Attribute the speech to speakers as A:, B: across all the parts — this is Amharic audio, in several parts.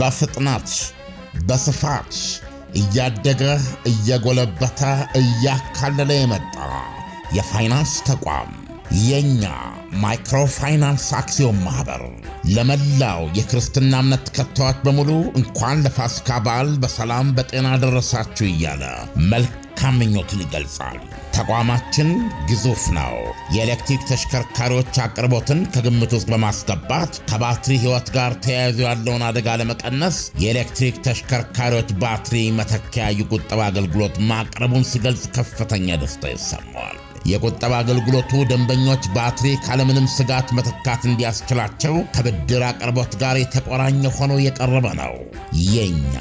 A: በፍጥነት በስፋት እያደገ እየጎለበተ እያካለለ የመጣ የፋይናንስ ተቋም የእኛ ማይክሮፋይናንስ አክሲዮን ማኅበር ለመላው የክርስትና እምነት ተከታዮች በሙሉ እንኳን ለፋሲካ በዓል በሰላም በጤና ደረሳችሁ እያለ መልክ መልካም ይገልጻል። ተቋማችን ግዙፍ ነው። የኤሌክትሪክ ተሽከርካሪዎች አቅርቦትን ከግምት ውስጥ በማስገባት ከባትሪ ሕይወት ጋር ተያይዞ ያለውን አደጋ ለመቀነስ የኤሌክትሪክ ተሽከርካሪዎች ባትሪ መተኪያ የቁጠባ አገልግሎት ማቅረቡን ሲገልጽ ከፍተኛ ደስታ ይሰማዋል። የቁጠባ አገልግሎቱ ደንበኞች ባትሪ ካለምንም ስጋት መተካት እንዲያስችላቸው ከብድር አቅርቦት ጋር የተቆራኘ ሆኖ የቀረበ ነው። የኛ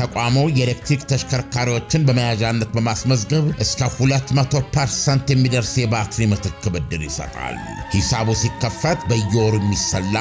A: ተቋሙ የኤሌክትሪክ ተሽከርካሪዎችን በመያዣነት በማስመዝገብ እስከ 200 ፐርሰንት የሚደርስ የባትሪ ምትክ ብድር ይሰጣል። ሂሳቡ ሲከፈት በየወሩ የሚሰላ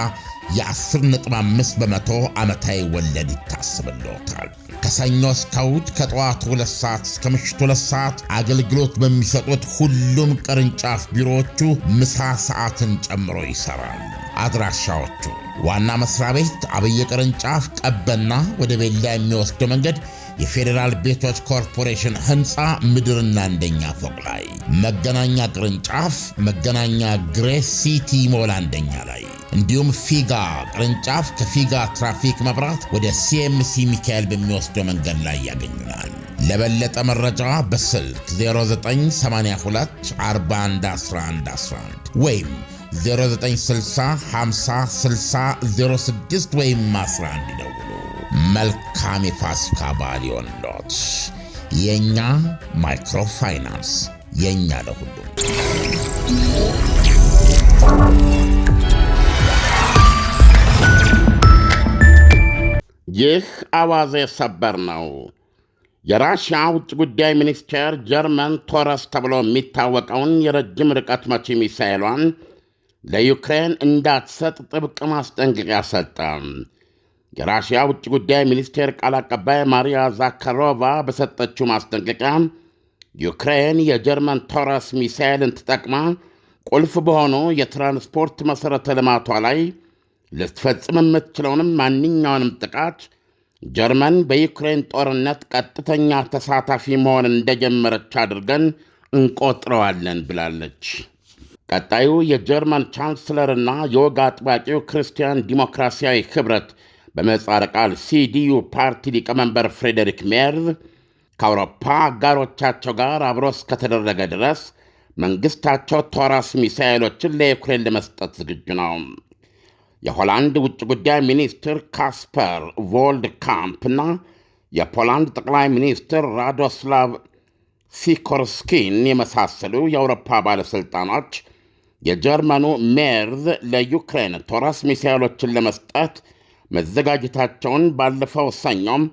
A: የ10.5 በመቶ ዓመታዊ ወለድ ይታስብልዎታል። ከሰኞ እስከ እሑድ ከጠዋቱ 2 ሰዓት እስከ ምሽቱ 2 ሰዓት አገልግሎት በሚሰጡት ሁሉም ቅርንጫፍ ቢሮዎቹ ምሳ ሰዓትን ጨምሮ ይሰራል። አድራሻዎቹ ዋና መስሪያ ቤት አብይ ቅርንጫፍ ቀበና ወደ ቤላ የሚወስደው መንገድ የፌዴራል ቤቶች ኮርፖሬሽን ህንፃ ምድርና አንደኛ ፎቅ ላይ፣ መገናኛ ቅርንጫፍ መገናኛ ግሬስ ሲቲ ሞል አንደኛ ላይ እንዲሁም ፊጋ ቅርንጫፍ ከፊጋ ትራፊክ መብራት ወደ ሲኤምሲ ሚካኤል በሚወስደው መንገድ ላይ ያገኙናል። ለበለጠ መረጃ በስልክ 0982411111 ወይም 0960 50 ወይም 11 ይደውሉ። መልካም የፋሲካ በዓል ይሆንልዎት። የእኛ ማይክሮፋይናንስ የእኛ ለሁሉም
B: ይህ አዋዜ ሰበር ነው። የራሽያ ውጭ ጉዳይ ሚኒስቴር ጀርመን ቶረስ ተብሎ የሚታወቀውን የረጅም ርቀት መቺ ሚሳኤሏን ለዩክሬን እንዳትሰጥ ጥብቅ ማስጠንቀቂያ ሰጠ። የራሽያ ውጭ ጉዳይ ሚኒስቴር ቃል አቀባይ ማሪያ ዛካሮቫ በሰጠችው ማስጠንቀቂያ ዩክሬን የጀርመን ቶረስ ሚሳይልን ተጠቅማ ቁልፍ በሆኑ የትራንስፖርት መሠረተ ልማቷ ላይ ልትፈጽም የምትችለውንም ማንኛውንም ጥቃት ጀርመን በዩክሬን ጦርነት ቀጥተኛ ተሳታፊ መሆን እንደጀመረች አድርገን እንቆጥረዋለን ብላለች። ቀጣዩ የጀርመን ቻንስለርና የወግ አጥባቂው ክርስቲያን ዲሞክራሲያዊ ኅብረት በመጻር ቃል ሲዲዩ ፓርቲ ሊቀመንበር ፍሬዴሪክ ሜርዝ ከአውሮፓ አጋሮቻቸው ጋር አብሮ እስከተደረገ ድረስ መንግሥታቸው ቶራስ ሚሳኤሎችን ለዩክሬን ለመስጠት ዝግጁ ነው። የሆላንድ ውጭ ጉዳይ ሚኒስትር ካስፐር ቮልድ ካምፕ እና የፖላንድ ጠቅላይ ሚኒስትር ራዶስላቭ ሲኮርስኪን የመሳሰሉ የአውሮፓ ባለሥልጣኖች የጀርመኑ ሜርዝ ለዩክሬን ቶራስ ሚሳይሎችን ለመስጠት መዘጋጀታቸውን ባለፈው ሰኞም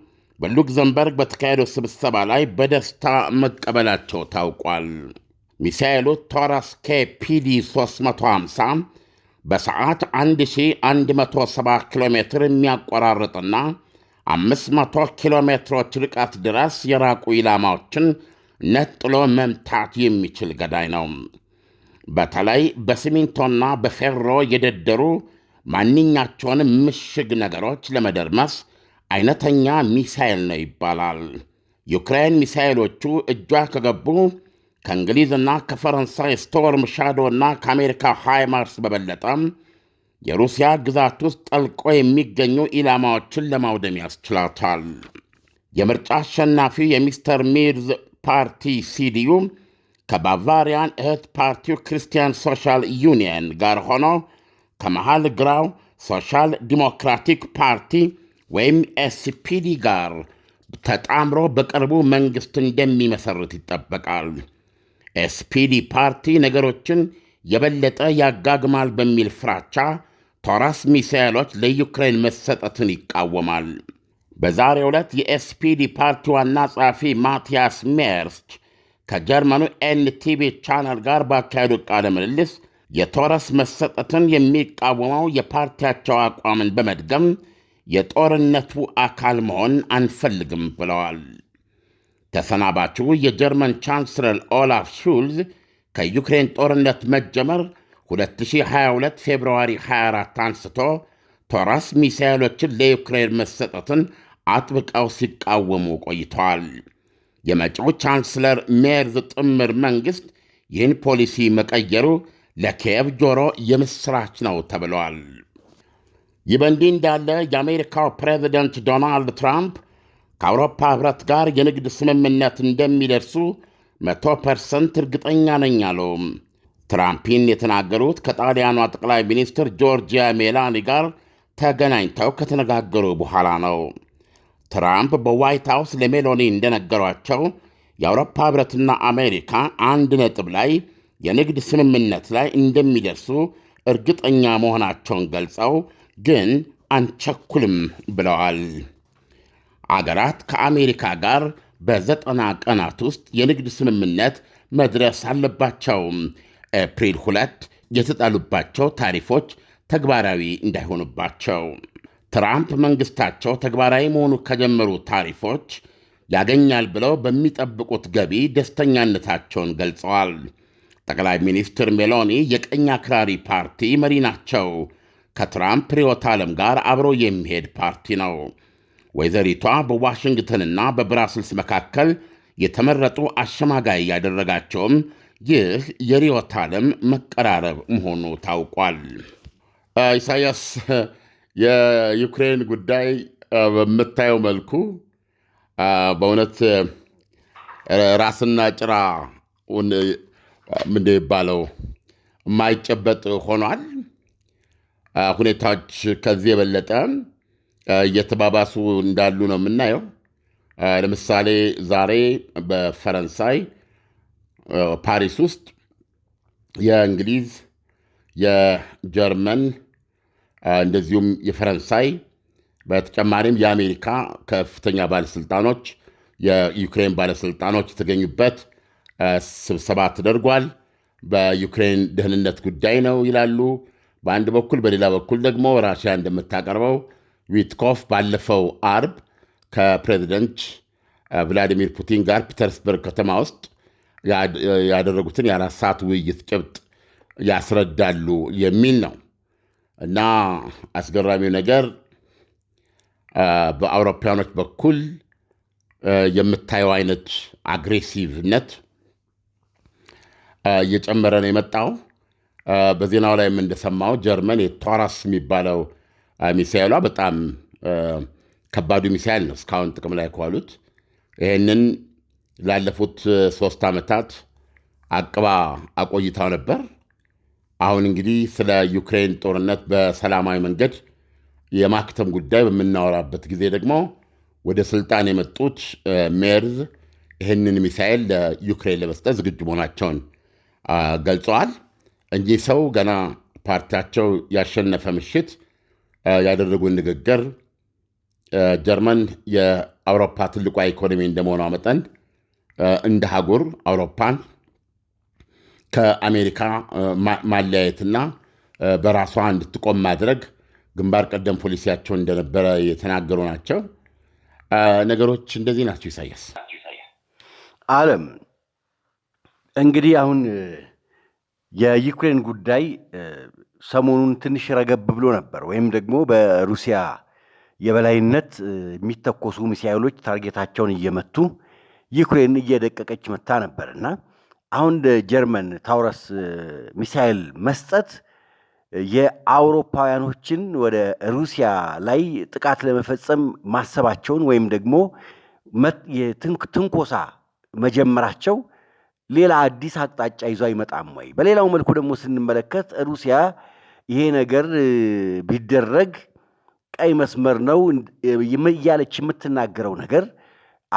B: በሉክዘምበርግ በተካሄደው ስብሰባ ላይ በደስታ መቀበላቸው ታውቋል። ሚሳኤሉ ቶራስ ኬፒዲ 350 በሰዓት 1170 ኪሎ ሜትር የሚያቆራርጥና 500 ኪሎ ሜትሮች ርቀት ድረስ የራቁ ኢላማዎችን ነጥሎ መምታት የሚችል ገዳይ ነው። በተለይ በሲሚንቶና በፌሮ የደደሩ ማንኛቸውንም ምሽግ ነገሮች ለመደርመስ አይነተኛ ሚሳኤል ነው ይባላል። ዩክሬን ሚሳኤሎቹ እጇ ከገቡ ከእንግሊዝና ከፈረንሳይ ስቶርም ሻዶና ከአሜሪካ ሃይማርስ በበለጠም የሩሲያ ግዛት ውስጥ ጠልቆ የሚገኙ ኢላማዎችን ለማውደም ያስችላታል። የምርጫ አሸናፊው የሚስተር ሚርዝ ፓርቲ ሲዲዩም ከባቫሪያን እህት ፓርቲው ክርስቲያን ሶሻል ዩኒየን ጋር ሆኖ ከመሃል ግራው ሶሻል ዲሞክራቲክ ፓርቲ ወይም ኤስፒዲ ጋር ተጣምሮ በቅርቡ መንግሥት እንደሚመሠርት ይጠበቃል። ኤስፒዲ ፓርቲ ነገሮችን የበለጠ ያጋግማል በሚል ፍራቻ ቶራስ ሚሳኤሎች ለዩክሬን መሰጠትን ይቃወማል። በዛሬ ዕለት የኤስፒዲ ፓርቲ ዋና ጸሐፊ ማቲያስ ሜርስች ከጀርመኑ ኤንቲቪ ቻናል ጋር ባካሄዱት ቃለ ምልልስ የቶረስ መሰጠትን የሚቃወመው የፓርቲያቸው አቋምን በመድገም የጦርነቱ አካል መሆን አንፈልግም ብለዋል። ተሰናባችው የጀርመን ቻንስለር ኦላፍ ሹልዝ ከዩክሬን ጦርነት መጀመር 2022 ፌብርዋሪ 24 አንስቶ ቶረስ ሚሳኤሎችን ለዩክሬን መሰጠትን አጥብቀው ሲቃወሙ ቆይተዋል። የመጪው ቻንስለር ሜርዝ ጥምር መንግሥት ይህን ፖሊሲ መቀየሩ ለኪየቭ ጆሮ የምሥራች ነው ተብለዋል። ይህ በእንዲህ እንዳለ የአሜሪካው ፕሬዚደንት ዶናልድ ትራምፕ ከአውሮፓ ኅብረት ጋር የንግድ ስምምነት እንደሚደርሱ መቶ ፐርሰንት እርግጠኛ ነኝ አሉ። ትራምፒን የተናገሩት ከጣሊያኗ ጠቅላይ ሚኒስትር ጆርጂያ ሜላኒ ጋር ተገናኝተው ከተነጋገሩ በኋላ ነው። ትራምፕ በዋይት ሃውስ ለሜሎኒ እንደነገሯቸው የአውሮፓ ኅብረትና አሜሪካ አንድ ነጥብ ላይ የንግድ ስምምነት ላይ እንደሚደርሱ እርግጠኛ መሆናቸውን ገልጸው ግን አንቸኩልም ብለዋል። አገራት ከአሜሪካ ጋር በዘጠና ቀናት ውስጥ የንግድ ስምምነት መድረስ አለባቸው። ኤፕሪል ሁለት የተጣሉባቸው ታሪፎች ተግባራዊ እንዳይሆኑባቸው ትራምፕ መንግሥታቸው ተግባራዊ መሆኑ ከጀመሩ ታሪፎች ያገኛል ብለው በሚጠብቁት ገቢ ደስተኛነታቸውን ገልጸዋል። ጠቅላይ ሚኒስትር ሜሎኒ የቀኝ አክራሪ ፓርቲ መሪ ናቸው። ከትራምፕ ርዕዮተ ዓለም ጋር አብሮ የሚሄድ ፓርቲ ነው። ወይዘሪቷ በዋሽንግተንና በብራስልስ መካከል የተመረጡ አሸማጋይ ያደረጋቸውም ይህ የርዕዮተ ዓለም መቀራረብ መሆኑ ታውቋል።
C: ኢሳያስ የዩክሬን ጉዳይ በምታየው መልኩ በእውነት ራስና ጭራ ምንድ ይባለው የማይጨበጥ ሆኗል። ሁኔታዎች ከዚህ የበለጠ እየተባባሱ እንዳሉ ነው የምናየው። ለምሳሌ ዛሬ በፈረንሳይ ፓሪስ ውስጥ የእንግሊዝ፣ የጀርመን እንደዚሁም የፈረንሳይ በተጨማሪም የአሜሪካ ከፍተኛ ባለስልጣኖች፣ የዩክሬን ባለስልጣኖች የተገኙበት ስብሰባ ተደርጓል። በዩክሬን ደህንነት ጉዳይ ነው ይላሉ በአንድ በኩል፣ በሌላ በኩል ደግሞ ራሽያ እንደምታቀርበው ዊትኮፍ ባለፈው አርብ ከፕሬዚደንት ቭላዲሚር ፑቲን ጋር ፒተርስበርግ ከተማ ውስጥ ያደረጉትን የአራት ሰዓት ውይይት ጭብጥ ያስረዳሉ የሚል ነው። እና አስገራሚው ነገር በአውሮፓውያኖች በኩል የምታየው አይነት አግሬሲቭነት እየጨመረ ነው የመጣው። በዜናው ላይም እንደሰማው ጀርመን የቶራስ የሚባለው ሚሳይሏ በጣም ከባዱ ሚሳይል ነው እስካሁን ጥቅም ላይ ከዋሉት። ይህንን ላለፉት ሶስት ዓመታት አቅባ አቆይታው ነበር። አሁን እንግዲህ ስለ ዩክሬን ጦርነት በሰላማዊ መንገድ የማክተም ጉዳይ በምናወራበት ጊዜ ደግሞ ወደ ስልጣን የመጡት ሜርዝ ይህንን ሚሳኤል ለዩክሬን ለመስጠት ዝግጁ መሆናቸውን ገልጸዋል። እኚህ ሰው ገና ፓርቲያቸው ያሸነፈ ምሽት ያደረጉን ንግግር ጀርመን የአውሮፓ ትልቋ ኢኮኖሚ እንደመሆኗ መጠን እንደ ሀጉር አውሮፓን ከአሜሪካ ማለያየትና በራሷ እንድትቆም ማድረግ ግንባር ቀደም ፖሊሲያቸው እንደነበረ የተናገሩ ናቸው። ነገሮች እንደዚህ ናቸው። ኢሳያስ
D: አለም እንግዲህ አሁን የዩክሬን ጉዳይ ሰሞኑን ትንሽ ረገብ ብሎ ነበር፣ ወይም ደግሞ በሩሲያ የበላይነት የሚተኮሱ ሚሳይሎች ታርጌታቸውን እየመቱ ዩክሬን እየደቀቀች መታ ነበርና አሁን ጀርመን ታውረስ ሚሳይል መስጠት የአውሮፓውያኖችን ወደ ሩሲያ ላይ ጥቃት ለመፈጸም ማሰባቸውን ወይም ደግሞ ትንኮሳ መጀመራቸው ሌላ አዲስ አቅጣጫ ይዞ አይመጣም ወይ? በሌላው መልኩ ደግሞ ስንመለከት ሩሲያ ይሄ ነገር ቢደረግ ቀይ መስመር ነው እያለች የምትናገረው ነገር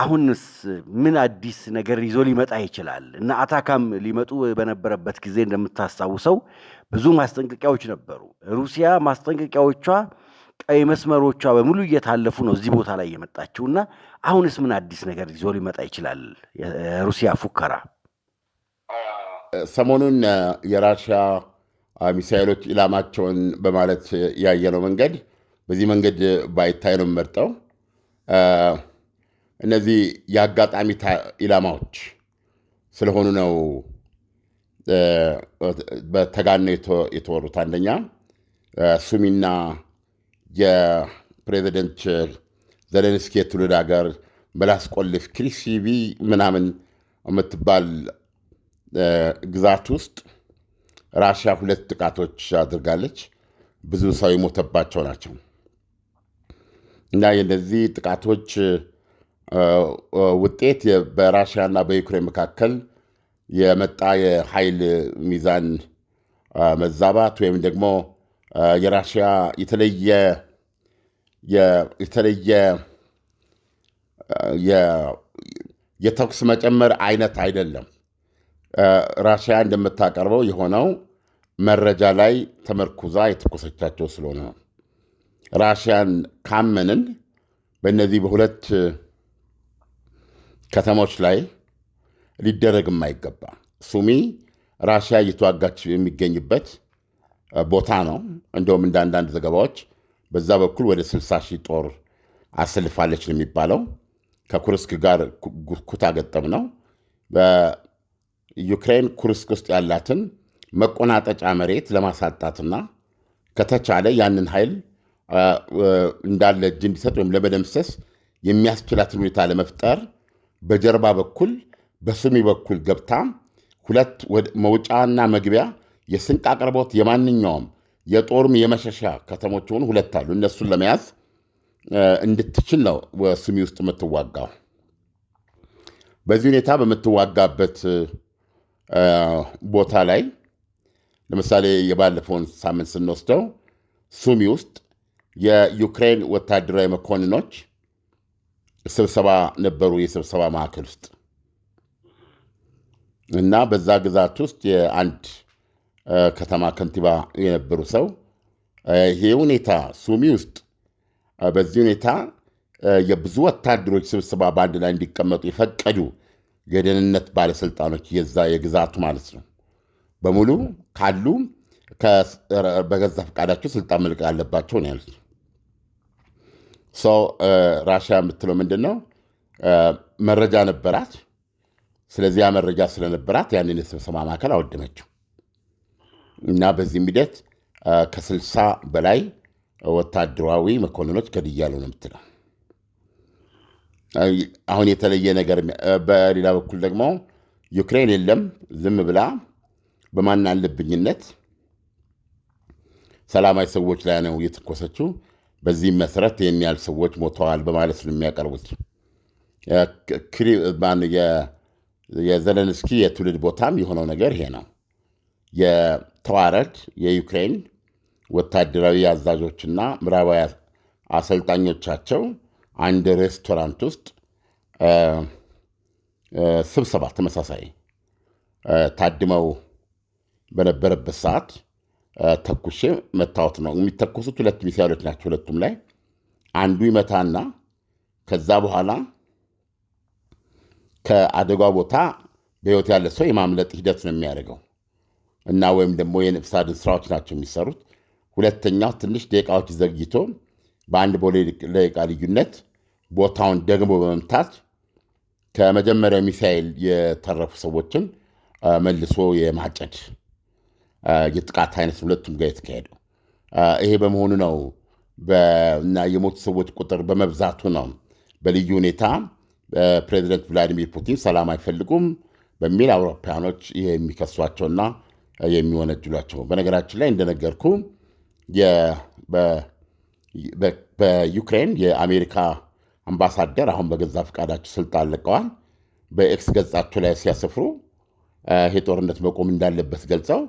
D: አሁንስ ምን አዲስ ነገር ይዞ ሊመጣ ይችላል? እና አታካም ሊመጡ በነበረበት ጊዜ እንደምታስታውሰው ብዙ ማስጠንቀቂያዎች ነበሩ። ሩሲያ ማስጠንቀቂያዎቿ፣ ቀይ መስመሮቿ በሙሉ እየታለፉ ነው እዚህ ቦታ ላይ የመጣችው እና አሁንስ ምን አዲስ ነገር ይዞ ሊመጣ ይችላል ሩሲያ ፉከራ?
C: ሰሞኑን የራሽያ ሚሳይሎች ኢላማቸውን በማለት ያየነው መንገድ በዚህ መንገድ ባይታይ ነው የምመርጠው። እነዚህ የአጋጣሚ ኢላማዎች ስለሆኑ ነው በተጋነው የተወሩት። አንደኛ ሱሚና የፕሬዚደንት ዘለንስኪ የትውልድ ሀገር በላስቆልፍ ክሪሲቪ ምናምን የምትባል ግዛት ውስጥ ራሽያ ሁለት ጥቃቶች አድርጋለች። ብዙ ሰው የሞተባቸው ናቸው እና የነዚህ ጥቃቶች ውጤት በራሽያና በዩክሬን መካከል የመጣ የኃይል ሚዛን መዛባት ወይም ደግሞ የራሽያ የተለየ የተኩስ መጨመር አይነት አይደለም። ራሽያ እንደምታቀርበው የሆነው መረጃ ላይ ተመርኩዛ የተኮሰቻቸው ስለሆነ ራሽያን ካመንን በእነዚህ በሁለት ከተሞች ላይ ሊደረግ የማይገባ ሱሚ ራሽያ እየተዋጋች የሚገኝበት ቦታ ነው። እንዲሁም እንደ አንዳንድ ዘገባዎች በዛ በኩል ወደ 60 ሺህ ጦር አሰልፋለች ነው የሚባለው። ከኩርስክ ጋር ኩታ ገጠም ነው። በዩክሬን ኩርስክ ውስጥ ያላትን መቆናጠጫ መሬት ለማሳጣትና ከተቻለ ያንን ኃይል እንዳለ እጅ እንዲሰጥ ወይም ለመደምሰስ የሚያስችላትን ሁኔታ ለመፍጠር በጀርባ በኩል በስሚ በኩል ገብታ ሁለት መውጫና መግቢያ የስንቅ አቅርቦት የማንኛውም የጦርም የመሸሻ ከተሞች ሆኑ ሁለት አሉ። እነሱን ለመያዝ እንድትችል ነው ስሚ ውስጥ የምትዋጋው። በዚህ ሁኔታ በምትዋጋበት ቦታ ላይ ለምሳሌ የባለፈውን ሳምንት ስንወስደው ሱሚ ውስጥ የዩክሬን ወታደራዊ መኮንኖች ስብሰባ ነበሩ የስብሰባ ማዕከል ውስጥ እና በዛ ግዛት ውስጥ የአንድ ከተማ ከንቲባ የነበሩ ሰው ይሄ ሁኔታ ሱሚ ውስጥ በዚህ ሁኔታ የብዙ ወታደሮች ስብሰባ በአንድ ላይ እንዲቀመጡ የፈቀዱ የደህንነት ባለስልጣኖች የዛ የግዛቱ ማለት ነው በሙሉ ካሉ በገዛ ፈቃዳቸው ስልጣን መልቀቅ አለባቸው ነው ያሉት። ሰው ራሽያ የምትለው ምንድን ነው? መረጃ ነበራት። ስለዚህ ያ መረጃ ስለነበራት ያንን የስብሰባ ማዕከል አወደመችው እና በዚህም ሂደት ከስልሳ በላይ ወታደራዊ መኮንኖች ገድያለሁ ነው የምትለው። አሁን የተለየ ነገር በሌላ በኩል ደግሞ ዩክሬን የለም ዝም ብላ በማን ሰላማዊ ሰዎች ላይ ነው እየተኮሰችው በዚህም መሰረት ይህን ያህል ሰዎች ሞተዋል በማለት ነው የሚያቀርቡት። የዘለንስኪ የትውልድ ቦታም የሆነው ነገር ይሄ ነው። የተዋረድ የዩክሬን ወታደራዊ አዛዦችና ምዕራባዊ አሰልጣኞቻቸው አንድ ሬስቶራንት ውስጥ ስብሰባ ተመሳሳይ ታድመው በነበረበት ሰዓት ተኩሼ መታወት ነው። የሚተኮሱት ሁለት ሚሳይሎች ናቸው። ሁለቱም ላይ አንዱ ይመታና ከዛ በኋላ ከአደጋ ቦታ በህይወት ያለ ሰው የማምለጥ ሂደት ነው የሚያደርገው እና ወይም ደግሞ የነፍስ አድን ስራዎች ናቸው የሚሰሩት። ሁለተኛው ትንሽ ደቂቃዎች ዘግይቶ በአንድ ቦሌ ደቂቃ ልዩነት ቦታውን ደግሞ በመምታት ከመጀመሪያው ሚሳይል የተረፉ ሰዎችን መልሶ የማጨድ የጥቃት አይነት ሁለቱም ጋር የተካሄደው። ይሄ በመሆኑ ነው እና የሞቱ ሰዎች ቁጥር በመብዛቱ ነው በልዩ ሁኔታ ፕሬዚደንት ቭላዲሚር ፑቲን ሰላም አይፈልጉም በሚል አውሮፓያኖች የሚከሷቸውና የሚወነጅሏቸው። በነገራችን ላይ እንደነገርኩ በዩክሬን የአሜሪካ አምባሳደር አሁን በገዛ ፈቃዳቸው ስልጣን ለቀዋል። በኤክስ ገጻቸው ላይ ሲያሰፍሩ ይሄ ጦርነት መቆም እንዳለበት ገልጸው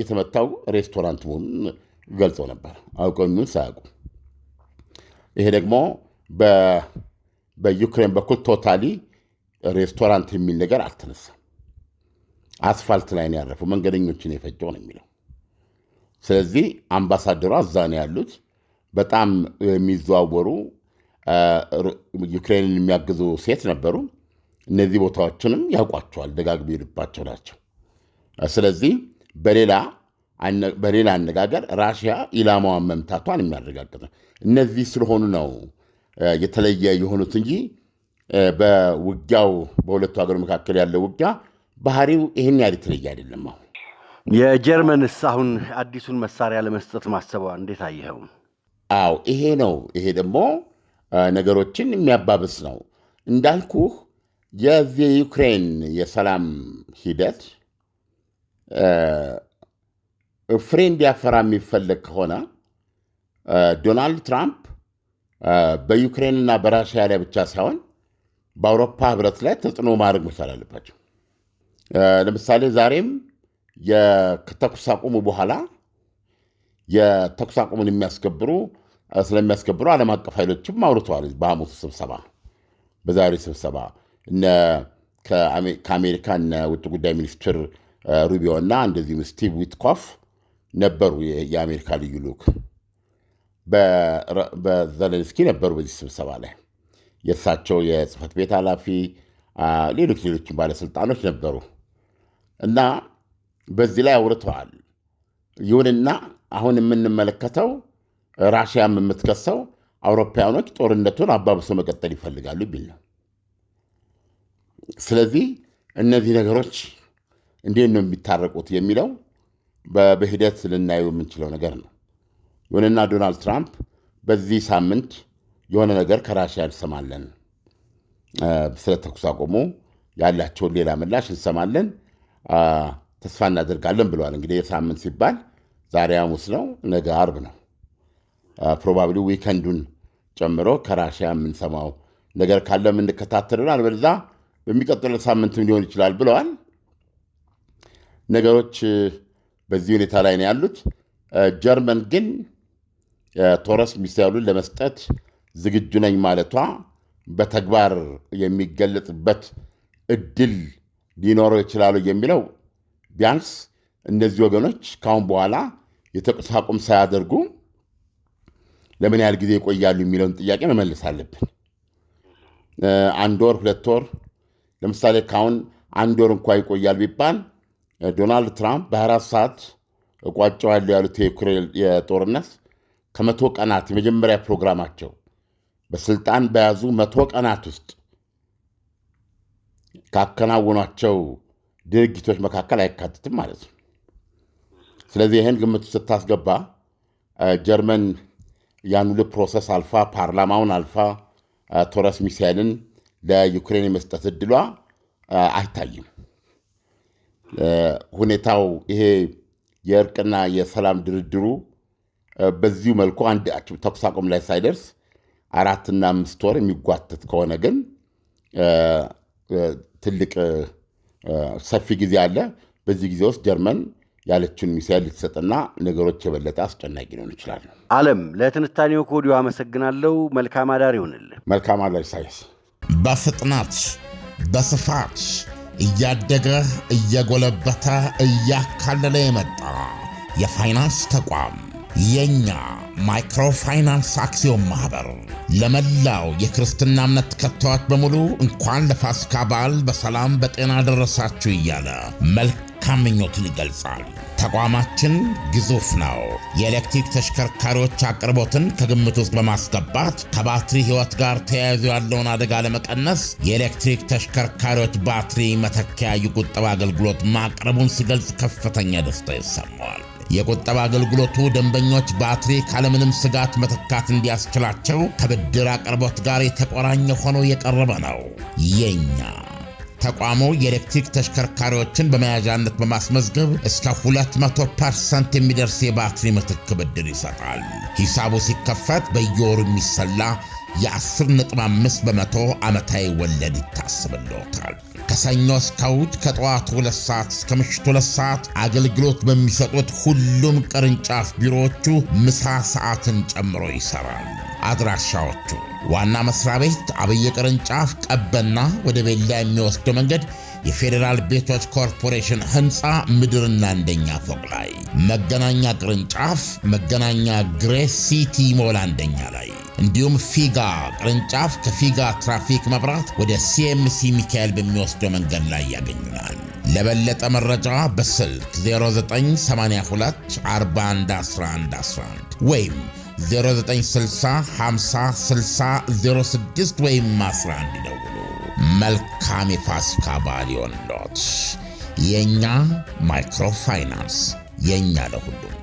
C: የተመታው ሬስቶራንት መሆኑን ገልጸው ነበር፣ አውቀው የሚሆን ሳያውቁ። ይሄ ደግሞ በዩክሬን በኩል ቶታሊ ሬስቶራንት የሚል ነገር አልተነሳም። አስፋልት ላይ ነው ያረፈው፣ መንገደኞችን የፈጀው ነው የሚለው። ስለዚህ አምባሳደሯ እዛ ነው ያሉት። በጣም የሚዘዋወሩ ዩክሬንን የሚያግዙ ሴት ነበሩ። እነዚህ ቦታዎችንም ያውቋቸዋል፣ ደጋግሞ ይሄዱባቸው ናቸው። ስለዚህ በሌላ አነጋገር ራሽያ ኢላማዋን መምታቷን የሚያረጋግጥ ነው። እነዚህ ስለሆኑ ነው የተለየ የሆኑት እንጂ በውጊያው በሁለቱ ሀገር መካከል ያለው ውጊያ ባህሪው ይህን ያህል የተለየ አይደለም። አሁን
D: የጀርመንስ አሁን አዲሱን መሳሪያ ለመስጠት ማሰቧ እንዴት አየኸው?
C: አዎ ይሄ ነው። ይሄ ደግሞ ነገሮችን የሚያባብስ ነው። እንዳልኩህ የዚህ ዩክሬን የሰላም ሂደት ፍሬ እንዲያፈራ የሚፈለግ ከሆነ ዶናልድ ትራምፕ በዩክሬንና በራሽያ ላይ ብቻ ሳይሆን በአውሮፓ ህብረት ላይ ተጽዕኖ ማድረግ መቻል አለባቸው። ለምሳሌ ዛሬም የተኩስ አቁሙ በኋላ የተኩስ አቁሙን የሚያስከብሩ ስለሚያስከብሩ ዓለም አቀፍ ኃይሎችም አውርተዋል። በሐሙሱ ስብሰባ፣ በዛሬ ስብሰባ ከአሜሪካ ውጭ ጉዳይ ሚኒስትር ሩቢዮ እና እንደዚህም ስቲቭ ዊትኮፍ ነበሩ የአሜሪካ ልዩ ልዑክ። በዘለንስኪ ነበሩ በዚህ ስብሰባ ላይ የእሳቸው የጽህፈት ቤት ኃላፊ ሌሎች ሌሎችን ባለስልጣኖች ነበሩ እና በዚህ ላይ አውርተዋል። ይሁንና አሁን የምንመለከተው ራሽያም የምትከሰው አውሮፓውያኖች ጦርነቱን አባብሶ መቀጠል ይፈልጋሉ የሚል ነው። ስለዚህ እነዚህ ነገሮች እንዴት ነው የሚታረቁት የሚለው በሂደት ልናየው የምንችለው ነገር ነው። ይሁንና ዶናልድ ትራምፕ በዚህ ሳምንት የሆነ ነገር ከራሽያ እንሰማለን፣ ስለ ተኩስ አቁሙ ያላቸውን ሌላ ምላሽ እንሰማለን፣ ተስፋ እናደርጋለን ብለዋል። እንግዲህ የሳምንት ሲባል ዛሬ ሐሙስ ነው፣ ነገ አርብ ነው። ፕሮባብሊ ዊከንዱን ጨምሮ ከራሽያ የምንሰማው ነገር ካለ የምንከታተልናል። በዛ በሚቀጥለው ሳምንትም ሊሆን ይችላል ብለዋል። ነገሮች በዚህ ሁኔታ ላይ ነው ያሉት። ጀርመን ግን ቶረስ ሚሳይሉን ለመስጠት ዝግጁ ነኝ ማለቷ በተግባር የሚገለጥበት እድል ሊኖረው ይችላሉ የሚለው ቢያንስ እነዚህ ወገኖች ካሁን በኋላ የተኩስ አቁም ሳያደርጉ ለምን ያህል ጊዜ ይቆያሉ የሚለውን ጥያቄ መመለስ አለብን። አንድ ወር፣ ሁለት ወር ለምሳሌ ካሁን አንድ ወር እንኳ ይቆያል ቢባል ዶናልድ ትራምፕ በአራት ሰዓት እቋጨዋለሁ ያሉት የዩክሬን የጦርነት ከመቶ ቀናት የመጀመሪያ ፕሮግራማቸው በስልጣን በያዙ መቶ ቀናት ውስጥ ካከናወኗቸው ድርጊቶች መካከል አይካትትም ማለት ነው። ስለዚህ ይህን ግምት ስታስገባ ጀርመን ያን ሁሉ ፕሮሰስ አልፋ ፓርላማውን አልፋ ቶረስ ሚሳይልን ለዩክሬን የመስጠት እድሏ አይታይም። ሁኔታው ይሄ የእርቅና የሰላም ድርድሩ በዚሁ መልኩ አንድ ተኩስ አቁም ላይ ሳይደርስ አራትና አምስት ወር የሚጓተት ከሆነ ግን ትልቅ ሰፊ ጊዜ አለ። በዚህ ጊዜ ውስጥ ጀርመን ያለችውን ሚሳይል ልትሰጥና ነገሮች የበለጠ አስጨናቂ ሊሆን ይችላል።
D: አለም ለትንታኔው ከወዲሁ አመሰግናለሁ። መልካም አዳር ይሆንልን።
C: መልካም አዳር ሳይስ
A: በፍጥነት በስፋት እያደገ እየጎለበተ እያካለለ የመጣ የፋይናንስ ተቋም የእኛ ማይክሮፋይናንስ አክሲዮን ማኅበር ለመላው የክርስትና እምነት ተከታዮች በሙሉ እንኳን ለፋሲካ በዓል በሰላም በጤና ደረሳችሁ እያለ መልክ መልካም ይገልጻል። ተቋማችን ግዙፍ ነው። የኤሌክትሪክ ተሽከርካሪዎች አቅርቦትን ከግምት ውስጥ በማስገባት ከባትሪ ሕይወት ጋር ተያይዞ ያለውን አደጋ ለመቀነስ የኤሌክትሪክ ተሽከርካሪዎች ባትሪ መተኪያ የቁጠባ አገልግሎት ማቅረቡን ሲገልጽ ከፍተኛ ደስታ ይሰማዋል። የቁጠባ አገልግሎቱ ደንበኞች ባትሪ ካለምንም ስጋት መተካት እንዲያስችላቸው ከብድር አቅርቦት ጋር የተቆራኘ ሆኖ የቀረበ ነው። የኛ ተቋሙ የኤሌክትሪክ ተሽከርካሪዎችን በመያዣነት በማስመዝገብ እስከ 200 ፐርሰንት የሚደርስ የባትሪ ምትክ ብድር ይሰጣል። ሂሳቡ ሲከፈት በየወሩ የሚሰላ የ10.5 በመቶ ዓመታዊ ወለድ ይታሰብልዎታል። ከሰኞ እስከ እሑድ ከጠዋቱ 2 ሰዓት እስከ ምሽቱ 2 ሰዓት አገልግሎት በሚሰጡት ሁሉም ቅርንጫፍ ቢሮዎቹ ምሳ ሰዓትን ጨምሮ ይሰራል። አድራሻዎቹ ዋና መስሪያ ቤት አብይ ቅርንጫፍ ቀበና ወደ ቤላ የሚወስደው መንገድ የፌዴራል ቤቶች ኮርፖሬሽን ህንፃ ምድርና አንደኛ ፎቅ ላይ፣ መገናኛ ቅርንጫፍ መገናኛ ግሬ ሲቲ ሞል አንደኛ ላይ እንዲሁም ፊጋ ቅርንጫፍ ከፊጋ ትራፊክ መብራት ወደ ሲኤምሲ ሚካኤል በሚወስደው መንገድ ላይ ያገኙናል። ለበለጠ መረጃ በስልክ 0982411111 ወይም 0960 50 ወይም 11 መልካም የፋሲካ በዓል ይሆንልዎት። የእኛ ማይክሮፋይናንስ የእኛ ለሁሉም